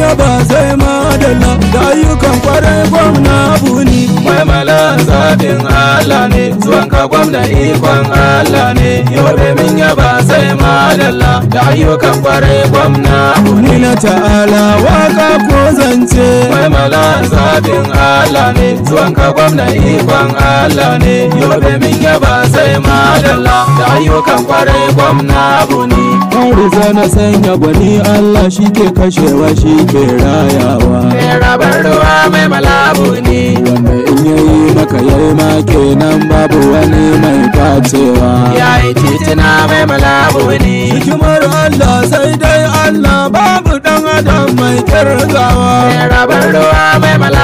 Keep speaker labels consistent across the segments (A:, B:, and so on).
A: an ba zai madalla da ayyukan kwarai gwamna buni mai mala zaɓin Allah ne zuwan ka gwamna ikon Allah ne yau da minya ba zai madalla da ayyukan kwarai gwamna buni na ta'ala waka ko zance mai mala zaɓin Allah ne zuwan ka gwamna ikon Allah ne yau da minya ba zai madalla ayyukan kwarai gwamna ne kawai zana sanya gwani allah shi ke kashewa shi ke rayawa mai rabar ruwa mai malabu ne wanda in yayi maka yayi ma kenan babu wani mai kacewa yayi titina mai malabu ne hikimar allah sai dai allah babu dan adam mai kirgawa mai rabar ruwa mai malabu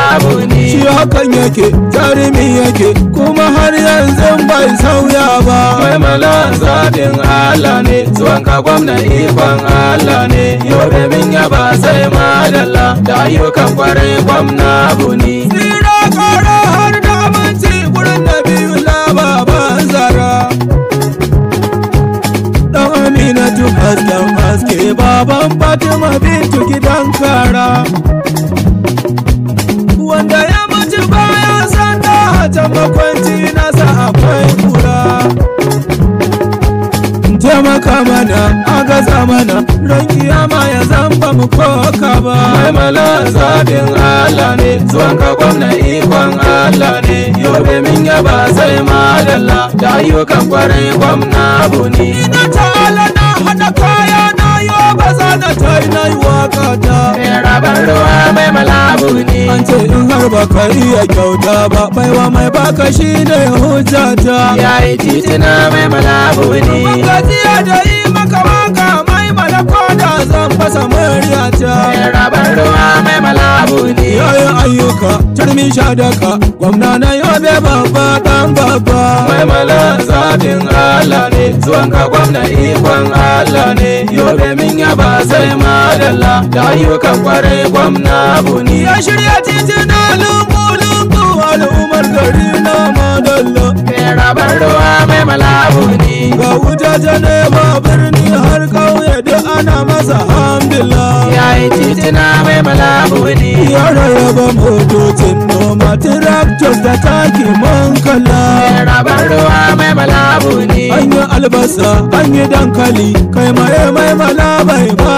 A: shi hakan yake jarumi yake kuma har yanzu bai sauya ba mai mala zaɓin Allah ne zuwan ka gwamna ikon Allah ne yau da min ya ba sai madalla da ayyukan kware gwamna abu tsira har da manci gurin da biyu laba ban zara dan aminatu hasken haske baban fatima bintu gidan kara akwai kura taimaka mana agaza mana don kiyama ya zamba mu koka ba maimala zabin Allah ne zuwan ka gwamna ikon Allah ne yobe min yaba sai madalla da ayyukan kwarai gwamna bu ne ina ta ala na hada kaya na yo ba za na tai na yi waka ta an ce in har ba ka iya kyauta ba baiwa mai baka shi ne ta. ya yi titina mai malabu ne gajiya da yi maka waka mai malako da zan fasa muryata rabar ruwa mai malabu ne yayin ayyuka turmin sha daka gwamna na yobe babba abba maimala zaɓin Allah ne zuwan ka gwamna ikon Allah ne yobe min ya ba sai madalla da ayyukan kwarai gwamna buni ya shirya titina lungu lungu al'ummar gari na madalla mai rabar ruwa mai malabu abuja ta nema birni har ƙauye duk ana masa hamdulillah yayi titina mai malabuni ya rarraba motocin noma tractors da taki man kala rabar ruwa mai malabuni an yi albasa an yi dankali kai mai mai malabai ba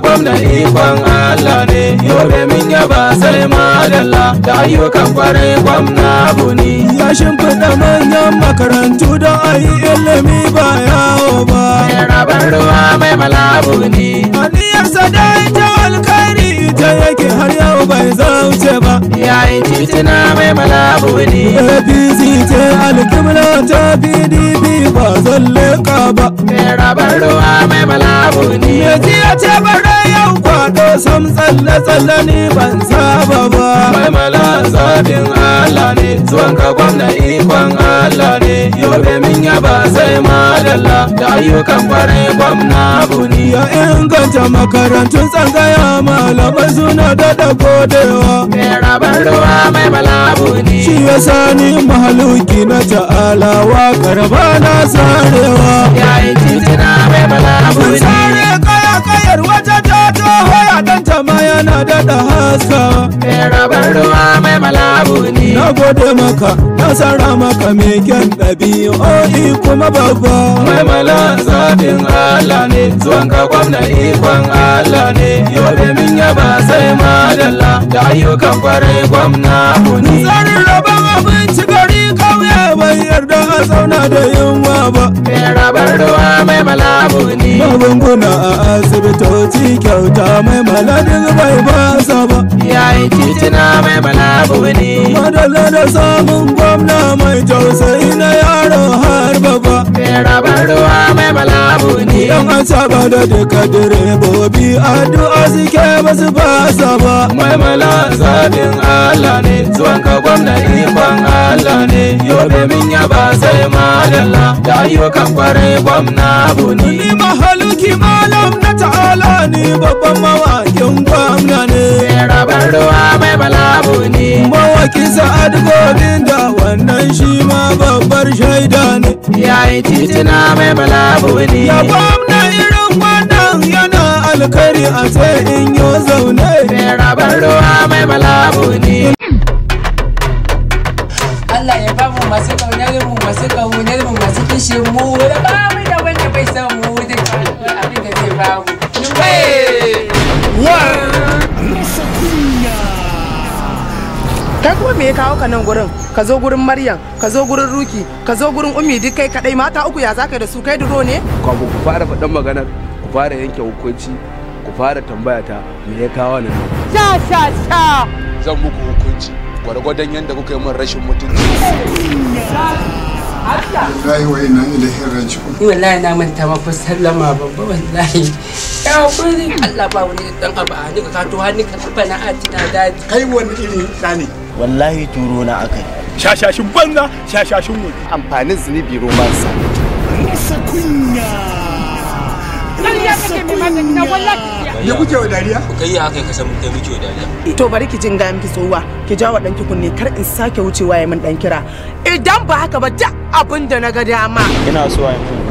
A: gwamna ikon Allah ne yobe min yaba sai madalla da ayyukan kwarai gwamna buni ya shimfiɗa manyan makarantu da ayi ilimi ba yawo ba rabar ruwa mai malabu ne aniyarsa da ita alkhairi ita yake har yau bai zauce ba in titina mai malabu ne. APC ce alkimla ta PDP ba zan leƙa ba. Mai rabar ruwa mai malabu ne. Ya ji ya ce bare yau kwado sam tsalle tsalle ni ban saba ba. Mai mala zabin Allah ne, zuwan ka gwamna ikon Allah ne, ba sai madalla da ayyukan kwarai gwamna buni ya inganta makarantun tsangaya malamai suna da godewa mai rabar ruwa mai malabuni shi ya sani mahaluki na ta'ala wa karba na sarewa ya yi titina mai malabuni yana daɗa hasa mai rabar ruwa mai malabu ne na gode maka na tsara maka mai kyan ɗabi'o'i kuma babba mai mala zaɓin Allah ne zuwan ka gwamna ikon Allah ne yobe min ba sai madalla da ayyukan kwarai gwamna huni tsarin rabon abinci gari kauye bai yarda a zauna da yunwa ba mai ruwa malamuni magunguna a asibitoci kyauta mai maladin bai ba sa ba samun gwamna mai tausayi na yaro har abu ne Yan an saba da duka direbobi addu'a suke ba su ba maimala zaɓin Allah ne zuwan ka gwamna ikon Allah ne yobe min ya ba sai madalla da ayyukan kwarai gwamna abu ne Ni mahaluki malam na ta'ala ne babban mawakin gwamna ne Rabar ruwa mai balabu ne Mawakin sa'ad gobin da dan shi ma babbar shaida ne yayi titina mai balabu ne ya gwamna irin wannan yana alkari a sai in yo zaune kuma me ya kawo ka nan gurin ka zo gurin maryam ka zo gurin ruki ka zo gurin ummi duk kai kadai mata uku ya zaka da su kai duro ne ku ku fara faɗan magana ku fara yanke hukunci ku fara tambaya ta me ya kawo nan sha sha sha zan muku hukunci gwargwadon yadda kuka yi min rashin mutunci wallahi wa ina hirar raji'un wallahi na manta ma sallama babba wallahi ya kuri Allah ba wani dan abu ni ka kato har ni ka tabbana a tina dadi kai wani irin tsani wallahi turo na yi. shashashin banza shashashin wani amfanin zunubi romansa nisa kunya ya kuke wa dariya? kai ya haka kasan kai muke wa dariya to bari ki jin gaya ki tsohuwa ki ja wa danki kunne kar in sake wucewa ya min ɗan kira idan ba haka ba ta abin da na ga dama ina so a yi